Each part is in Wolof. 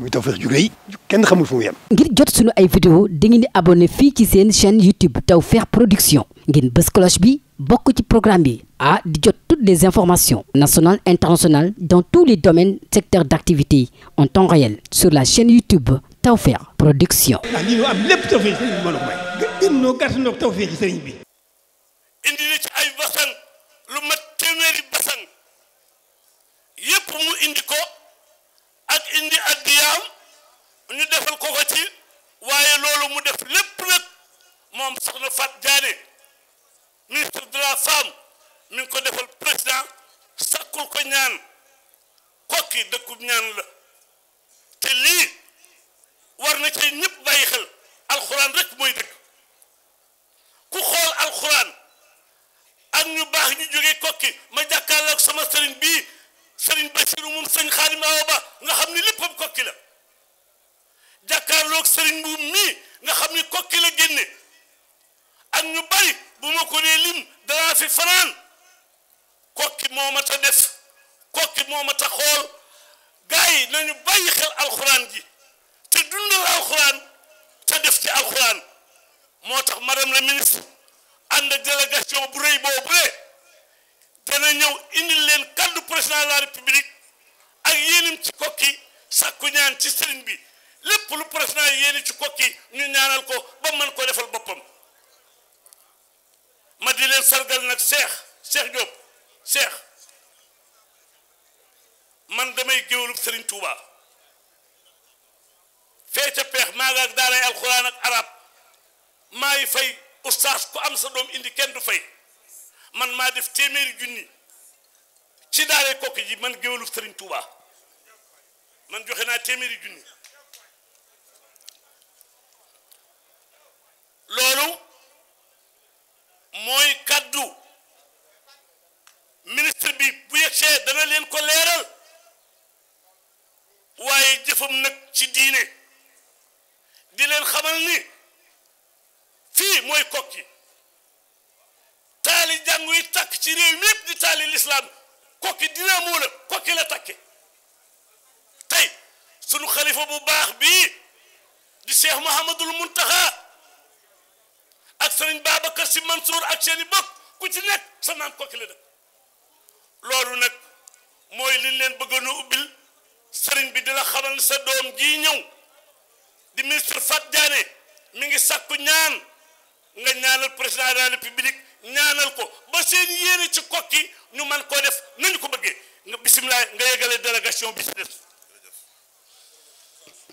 muy Tawfekh ju rëy kenn xamul fu mu yem. ngir jot sunu ay vidéo dangeen di abonné fii ci seen chaîne YouTube Tawfekh Production ngeen bës cloche bi bokk ci programme bi ah di jot toutes les informations nationales internationales dans tous les domaines secteurs d'activité en temps réel sur la chaîne YouTube Tawfekh Production. ah lii am lépp Tawfekh sëriñ bi mën bi. indi na ci ay basan lu mat téeméeri basan yépp mu indi ko. indi addiyaam ñu defal ko ko ci waaye loolu mu def lépp nag moom soxna Fat Diané ministre de la femme mi ngi ko defal président sakkul ko ñaan kokki dëkkub ñaan la te lii war na ci ñëpp bàyyi xel alxuraan rek mooy dëgg ku xool alxuraan ak ñu baax ñu jógee kokki ma jàkkaarloo ak sama sëriñ bii sëriñ Basiru moom sëñ Xaadim Awa Ba nga xam ni ne léppam kokki la jàkkaarloog sëriñ bu mii nga xam ni kokki la génne ak ñu bari bu ma ko dee lim danaa fi fanaan kokki moo ma ta def kokki moo ma xool gars yi nañu bàyyi xel alxuraan ji te dundal alxuraan te def ci alxuraan moo tax madame la ministre ànd ak bu rëy boobu dana ñëw indil leen kaddu président de la république ak yéenim ci kokki sàkku ñaan ci sëriñ bi lépp lu président yéeni ci kokki ñu ñaanal ko ba mën ko defal boppam ma di leen sargal nag seex seex Diop seex man damay géwlub sëriñ Touba fee ca peex maa nga ak daaray alxuraan ak arab maay fay oustaz ko am sa doom indi kenn du fay man maa def téeméeri junni ci daare kokki ji man géwélu sëriñ Touba man joxe naa téeméeri junni loolu mooy kàddu ministre bi bu yegsee dana leen ko leeral waaye jëfam nag ci diine di leen xamal ni fii mooy kokki taali jàngu yi takk ci réew mi yëpp di taali lislaam kokki dina moo la kokki la takke tey sunu xalifa bu baax bi di cheikh Mouhamadul Muntaxa ak sëriñ Babacar Si Mansour ak seeni bokk ku ci nekk sa naam kokki la def loolu nag mooy li leen bëggoon a ubbil sëriñ bi dina la sa doom jii ñëw di ministre Fat Diané mi ngi sàkku ñaan nga ñaanal président de la ñaanal ko ba seen yére ci kokki ñu man koo def nañu ko bëggee nga bisimilah nga yegale délégation bi si des.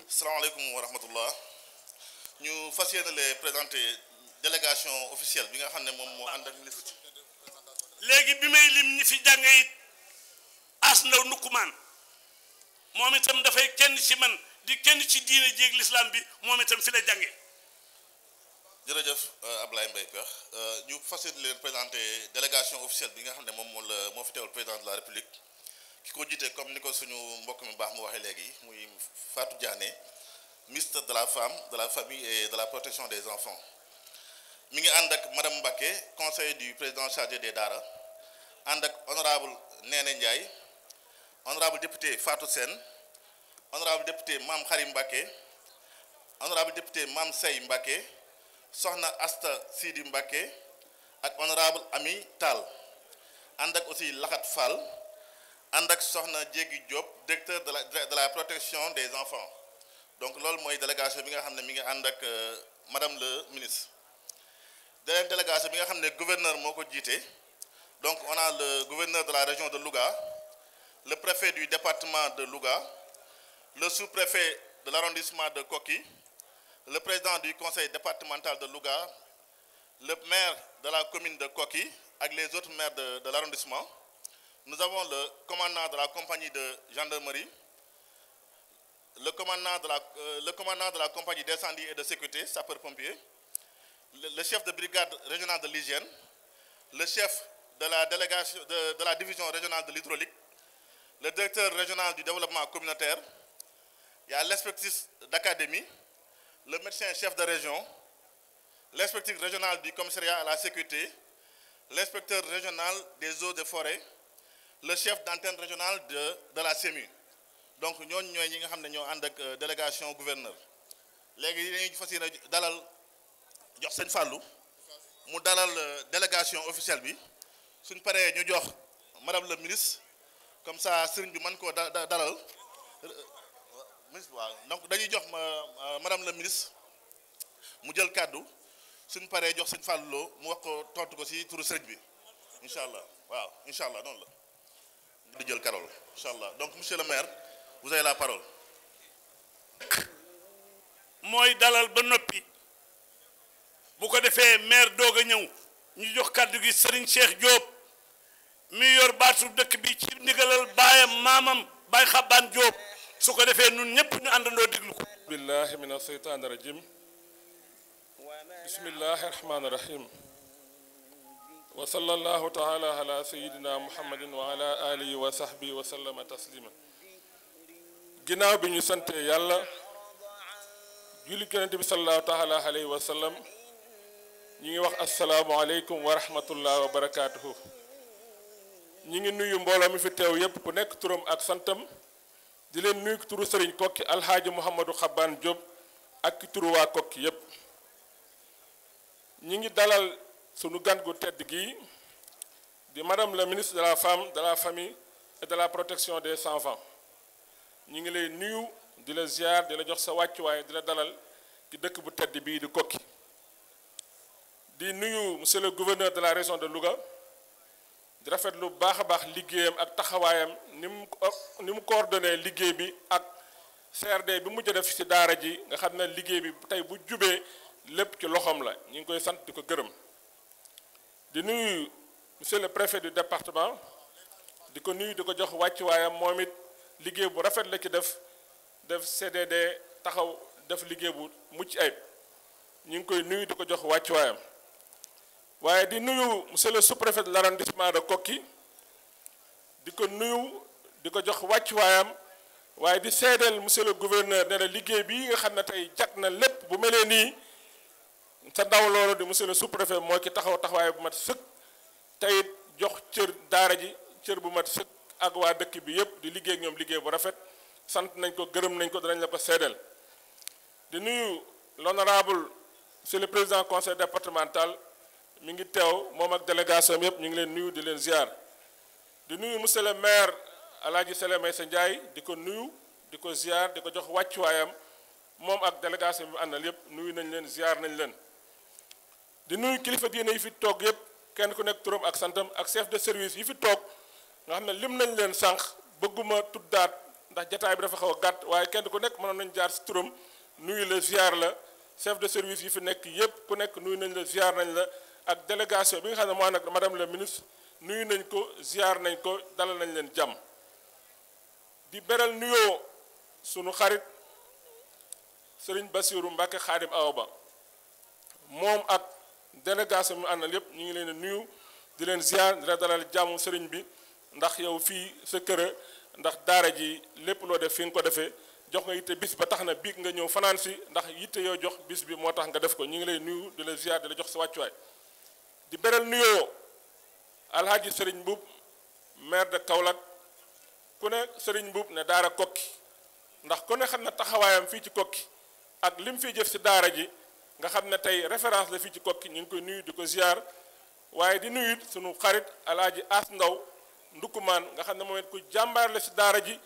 salaamaaleykum wa ñu fas yéene le présenté délégation officielle bi nga xam ne moom moo ànd léegi bi may lim ñi fi jànge it as ndaw nukkumaan moom itam dafay kenn ci man di kenn ci diine jéeg lislaam bi moom itam fi la jàngee. jërëjëf euh, Ablaye Mbaye Pekh euh, ñu fas yéene leen présenter délégation officielle bi nga xam ne moom moom la moo fi teewal président de la république ki ko jiite comme ni ko suñu mbokk mi baax mu waxee léegi muy Fatou Diané ministre de la femme de la famille et de la protection des enfants mi ngi ànd ak madame Mbacké conseil du président chargé des daara ànd ak honorable Néné Ndiaye honorable député Fatou Sène honorable député maam Xarim Mbacké honorable député Mame Sey Mbacké soxna Asta Sidi Mbacké ak honorable Ami Tall ànd ak aussi Laxat Fall ànd ak soxna Jéggi Diop directeur de la de la protection des enfants donc loolu mooy délégation bi nga xam ne mi ngi ànd ak euh, madame le ministre. beneen délégation bi nga xam ne gouverneur moo ko jiite donc on le gouverneur de la région de Louga le préfet du département de Louga le sous-préfet de l'arrondissement de Koki. le président du conseil départemental de Louga le maire de la commune de Koki ak les autres maires de de l'arrondissement nous avons le commandant de la compagnie de gendarmerie le commandant de la euh, le commandant de la compagnie d'incendie et de sécurité sapeurs-pompiers le, le chef de brigade régionale de l'hygiène le chef de la délégation de, de la division régionale de l'hydraulique le directeur régional du développement communautaire il y a l'inspectrice d'académie le médecin chef de région, l'inspecteur régional du commissariat à la sécurité, l'inspecteur régional des eaux de forêt, le chef d'antenne régionale de, de la CEMU. donc ñooñu ñooy ñi nga xam ne ñoo ànd ak euh, délégation gouverneur léegi dañuy fas yéene dalal jox seen fàllu mu dalal euh, délégation officielle bi suñ paree ñu jox madame le ministre comme ça sëriñ bi mën koo dalal ministre waaw donc dañuy jox ma euh, madame la ministre mu jël kàddu suñ paree jox sëñ Fallou mu wax ko tontu ko si turu sëriñ bi incha allah waaw incha allah noonu la. di jël karol incha allah donc monsieur le maire vous avez la parole. mooy dalal ba noppi bu ko defee maire doog a ñëw ñu jox kàddu gi sëriñ Cheikh Diop mi yor baatul dëkk bi ci ndigalal baayam maamam Baye Xabaan Diop. su ko defee nun ñëpp ñu àndandoo diglu ko billahi min asheytaan rajim bismillahi wa sallallahu taala ala sayidina muhammadin wa ala alihi wa sahbihi wa sallama taslima ginnaaw bi ñu sante yàlla julli yonent bi sallallahu taala alayhi wa sallam ñi ngi wax asalaamu aleykum wa rahmatullah wa barakatuhu ñi ngi nuyu mbooloo mi fi teew yépp ku nekk turam ak santam di leen nuyu turu sëriñ kokki alxaaji Mouhamadou Xabaan Diop ak ki turu waa kokki yépp ñi ngi dalal sunu gan gu tedd gi di madame la ministre de la femme de la famille et de la protection des enfants ñu ngi lay nuyu di la ziar di la jox sa wàccuwaay di la dalal ci dëkk bu tedd bii di kokki di nuyu monsieur le gouverneur de la région de Louga di rafet lu baax a baax liggéeyam ak taxawaayam ni mu ni mu coordonné liggéey bi ak CRD bi mujj a def ci daara ji nga xam ne liggéey bi tey bu jubee lépp ci loxoom la ñu ngi koy sant di ko gërëm di nuyu monsieur le préfet du département di ko nuyu di ko jox wàccuwaayam moom it liggéey bu rafet la ci def def CDD taxaw def liggéey bu mucc ayib ñu ngi koy nuyu di ko jox wàccuwaayam waaye di nuyu monsieur le sous-préfet de l'arrondissement de Koki di ko nuyu di ko jox wàccuwaayam waaye di seedeel monsieur le gouverneur ne liggéey bi nga xam ne tey jag na lépp bu melee nii sa daw loolu di monsieur le sous-préfet moo ci taxaw taxawaay bu mat sëkk tey jox cër daara ji cër bu mat sëkk ak waa dëkk bi yépp di liggéey ak ñoom liggéey bu rafet sant nañ ko gërëm nañ ko danañ la ko seedeel di nuyu l'honorable monsieur le président conseil départemental mi ngi teew moom ak délégation bi yëpp ñu ngi leen nuyu di leen ziar di nuyu monsieur le maire Alaaji Sele sa Ndiaye di ko nuyu di ko ziar di ko jox wàccuwaayam moom ak délégation bi mu àndal yëpp nuyu nañ leen ziar nañ leen di nuyu kilifa diine yi fi toog yëpp kenn ku nekk turam ak santam ak chef de service yi fi toog nga xam ne lim nañ leen sànq bëgguma tuddaat ndax jataay bi dafa xaw a gàtt waaye kenn ku nekk mënoon nañ jaar si turam nuyu la ziar la chef de service yi fi nekk yëpp ku nekk nuyu nañ la ziar nañ la ak délégation bi nga xam ne moo ànd ak madame le ministre nuyu nañ ko ziar nañ ko dalal nañ leen jàmm di beral nuyoo sunu xarit sëriñ Basiiru Mbàkke Xaadim Awa Ba moom ak délégation bi mu na yépp ñu ngi leen nuyu di leen ziar di la dalal jàmm sëriñ bi ndax yow fii sa kër ndax daara ji lépp loo def fi nga ko defee jox nga yitte bis ba tax na biig nga ñëw fanaan si ndax yitte yoo jox bis bi moo tax nga def ko ñu ngi lay nuyu di la ziar di la jox sa wàccuwaay di beral nuyoo alhaji Serigne Mboup maire de Kaolack ku ne sëriñ Mboup ne daara kokki ndax ku ne xam ne taxawaayam fii ci kokki ak lim fiy jëf si daara ji nga xam ne tey référence la fii ci kokki ñu ngi koy nuyu di ko ziar waaye di nuyu sunu xarit alhaji As Ndaw ndukumaan nga xam ne moom it ku jàmbaar la si daara ji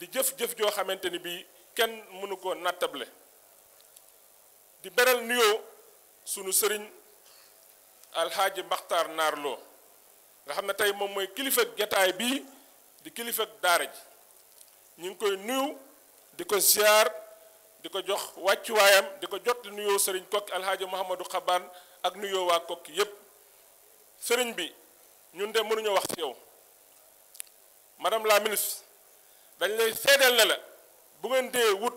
di jëf-jëf joo xamante ni bii kenn mënu ko nattable di beral nuyoo sunu sëriñ alxaaji Maxtaar Naarloo nga xam ne tey moom mooy kilifa jataay bii di kilifa daara ji ñu ngi koy nuyu di ko ziar di ko jox wàccuwaayam di ko jot nuyoo sëriñ kokki alxaaji Mouhamadou Xabaan ak nuyoo waa kokki yépp sëriñ bi ñun de mënuñoo wax ci yow madame la ministre dañ lay seedeel na la bu ngeen dee wut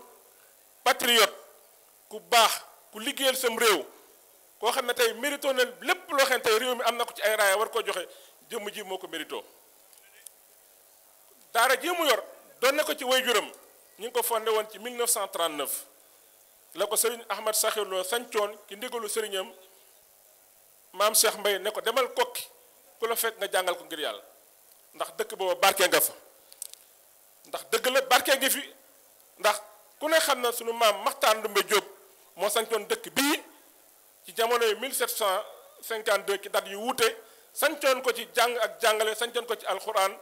patriote ku baax ku liggéeyal sam réew koo xam ne tey mérito na lépp loo xam ne tey réew mi am na ko ci ay raaya war koo joxe jëmm ji moo ko mérito daara ji mu yor doon na ko ci waajuram ñu ngi ko fondé woon ci 1939 la ko sëriñ Ahmad Sakhir Lo sancoon ki ndigalu sëriñam maam Cheikh mbay ne ko demal kokki ku la fekk nga jàngal ko ngir yàlla ndax dëkk booba barke nga fa ndax dëgg la barke ngi fi ndax ku ne xam na sunu maam Maxtaan Ndumbe Jóob moo sancoon dëkk bii ci jamono yi 1752 ci dat yu wuute sancoon ko ci jàng ak jàngale sancoon ko ci alxuraan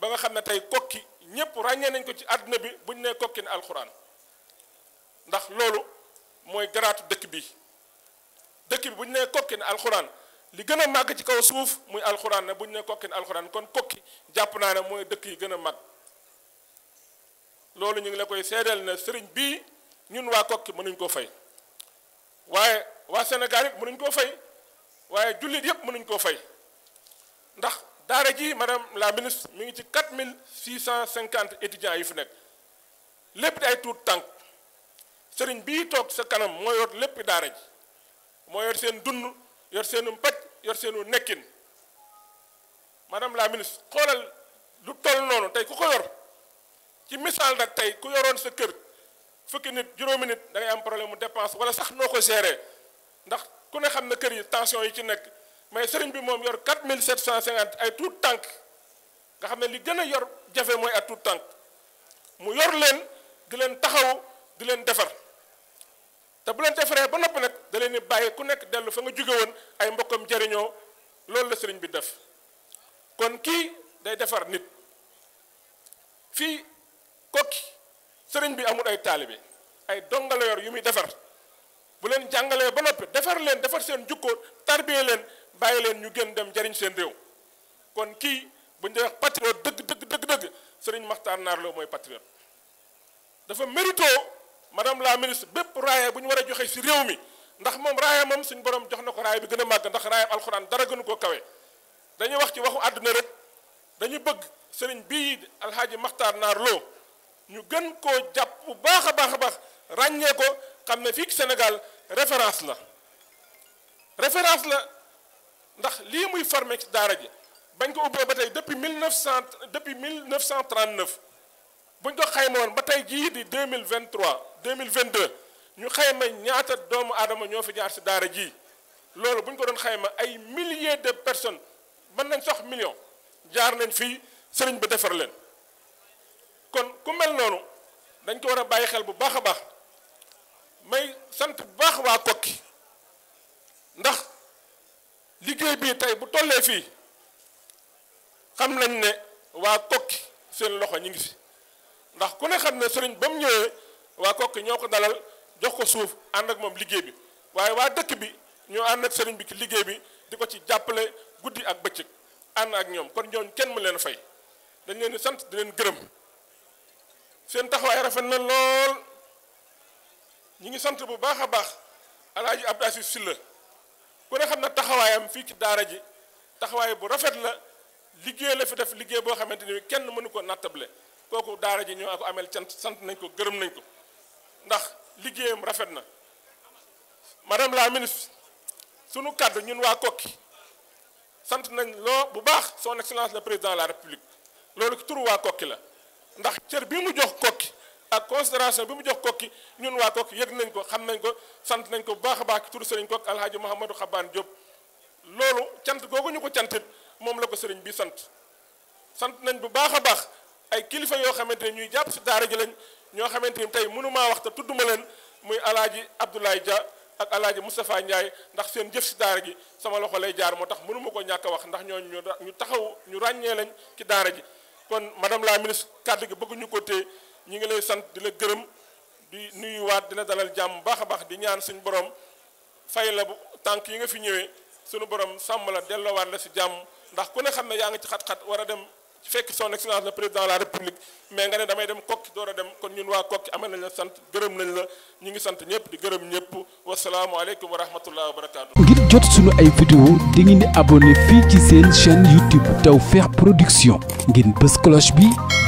ba nga xam ne tey kokki ñépp ràññee nañ ko ci àdduna bi bu ñu nee kokki ne alxuraan ndax loolu mooy garaatu dëkk bi dëkk bi bu ñu nee ne alxuraan li gën a màgg ci kaw suuf muy alxuraan ne bu ñu nee kokki ne alxuraan kon kokki jàpp naa ne mooy dëkk yi gën a màgg loolu ñu ngi la koy seedeel ne sëriñ bii ñun waa kokki mënuñ koo fay waaye waa Sénégal yëpp mënuñ koo fay waaye jullit yëpp mënuñ koo fay ndax daara ji madame la ministre mi ngi ci cent 4650 étudiants yi fi nekk lépp di ay tuut tànk sëriñ bii toog sa kanam moo yor lépp daara ji moo yor seen dund yor seenu mbaj yor seenu nekkin madame la ministre xoolal lu toll noonu tey ku ko yor ci misaal nag tey ku yoroon sa kër fukki nit juróomi nit da am problème mu dépense wala sax noo ko gérer ndax ku ne xam ne kër yi tension yi ci nekk mais sëriñ bi moom yor 4750 ay tuut tànk nga xam ne li gën a yor jafe mooy ay tuut tànk mu yor leen di leen taxaw di leen defar te bu leen defaree ba noppi nag da leen di bàyyi ku nekk dellu fa nga jóge woon ay mbokkam jariñoo loolu la sëriñ bi def kon kii day defar nit fii kokki sëriñ bi amul ay taalibe ay donga yor yu muy defar bu leen jàngalee ba noppi defar leen defar seen jukkoo tarbiyee leen bàyyi leen ñu gën dem jariñ seen réew kon kii bu ñu wax dëgg dëgg dëgg dëgg Serigne Makhtar Naar Lo mooy patriote dafa mérito madame la ministre bépp raaya bu ñu war a joxe si réew mi ndax moom raaya moom suñu borom jox na ko raaya bi gën a màgg ndax raaya alxuraan dara gënu koo kawe dañuy wax ci waxu àdduna rek dañu bëgg sëriñ bii alxaaji Makhtar Naar Lo ñu gën koo jàpp bu baax a baax a baax ràññee xam ne fii Sénégal référence la référence la ndax lii muy formé ci daara ji bañ ko ubbee ba tey depuis mille neuf cent depuis mille neuf cent trente neuf buñ ko xayma woon ba tey jii di deux mille vingt trois mille vingt deux ñu xayma ñaata doomu aadama ñoo fi jaar ci daara jii loolu buñ ko doon xayma ay milliers de personnes mën nañ sox million jaar nañ fii sëriñ ba defar leen kon ku mel noonu dañ ko war a bàyyi xel bu baax a baax. may sant bu baax waa kokki ndax liggéey bii tey bu tollee fii xam nañ ne waa kokki seen loxo ñu ngi si ndax ku ne xam ne sëriñ ba mu ñëwee waa kokki ñoo ko dalal jox ko suuf ànd ak moom liggéey bi waaye waa dëkk bi ñoo ànd ak sëriñ bi ki liggéey bi di ko ci jàppale guddi ak bëccëg ànd ak ñoom kon ñooñu kenn mu leen fay dañ leen sant di leen gërëm seen taxawaay rafet na lool ñu ngi sant bu baax a baax alaaji Abdou Aziz Sylla ku ne na taxawaayam fii ci daara ji taxawaay bu rafet la liggéey la fi def liggéey boo xamante ni kenn mënu ko nattable kooku daara ji ñoo ako ameel cant sant nañ ko gërëm nañ ko ndax liggéeyam rafet na madame la ministre sunu kàddu ñun waa kokki sant nañ loo bu baax son excellence le président la république loolu turu waa kokki la ndax cër bi mu jox kokki ak considération bi mu jox kokki ñun waa kokki yëg nañ ko xam nañ ko sant nañ ko bu baax a baax tur ko kokki alhaaji Mouhamadou Xabaan Diop loolu cant googu ñu ko cantit moom la ko sëriñ bi sant sant nañ bu baax a baax ay kilifa yoo xamante ne ñuy jàpp si daara ji lañ ñoo xamante ni tey mënumaa wax te tudduma leen muy alaaji Abdoulaye Dia ak alaaji Moustapha Ndiaye ndax seen jëf si daara ji sama loxo lay jaar moo tax mënuma ko ñàkk a wax ndax ñooñu ñu taxaw ñu ràññee lañ ci daara ji kon madame la ministre kàddu gi bëgguñu ko téye ñu ngi lay sant di la gërëm di nuyuwaat di la dalal jàmm baax a baax di ñaan suñu borom fay la bu tànk yi nga fi ñëwee suñu borom sàmm la delloowaat la si jàmm ndax ku ne xam ne yaa ngi ci xat-xat war a dem ci fekk son excellence le président de la république mais nga ne damay dem kokki door a dem kon ñun waa kokki amal nañ la sant gërëm nañ la ñu ngi sant ñëpp di gërëm ñëpp wasalaamualeykum wa rahmatullah wa barakaatu. ngir jot suñu ay vidéo di ngeen di abonné fii ci seen chaîne YouTube Tawfekh Production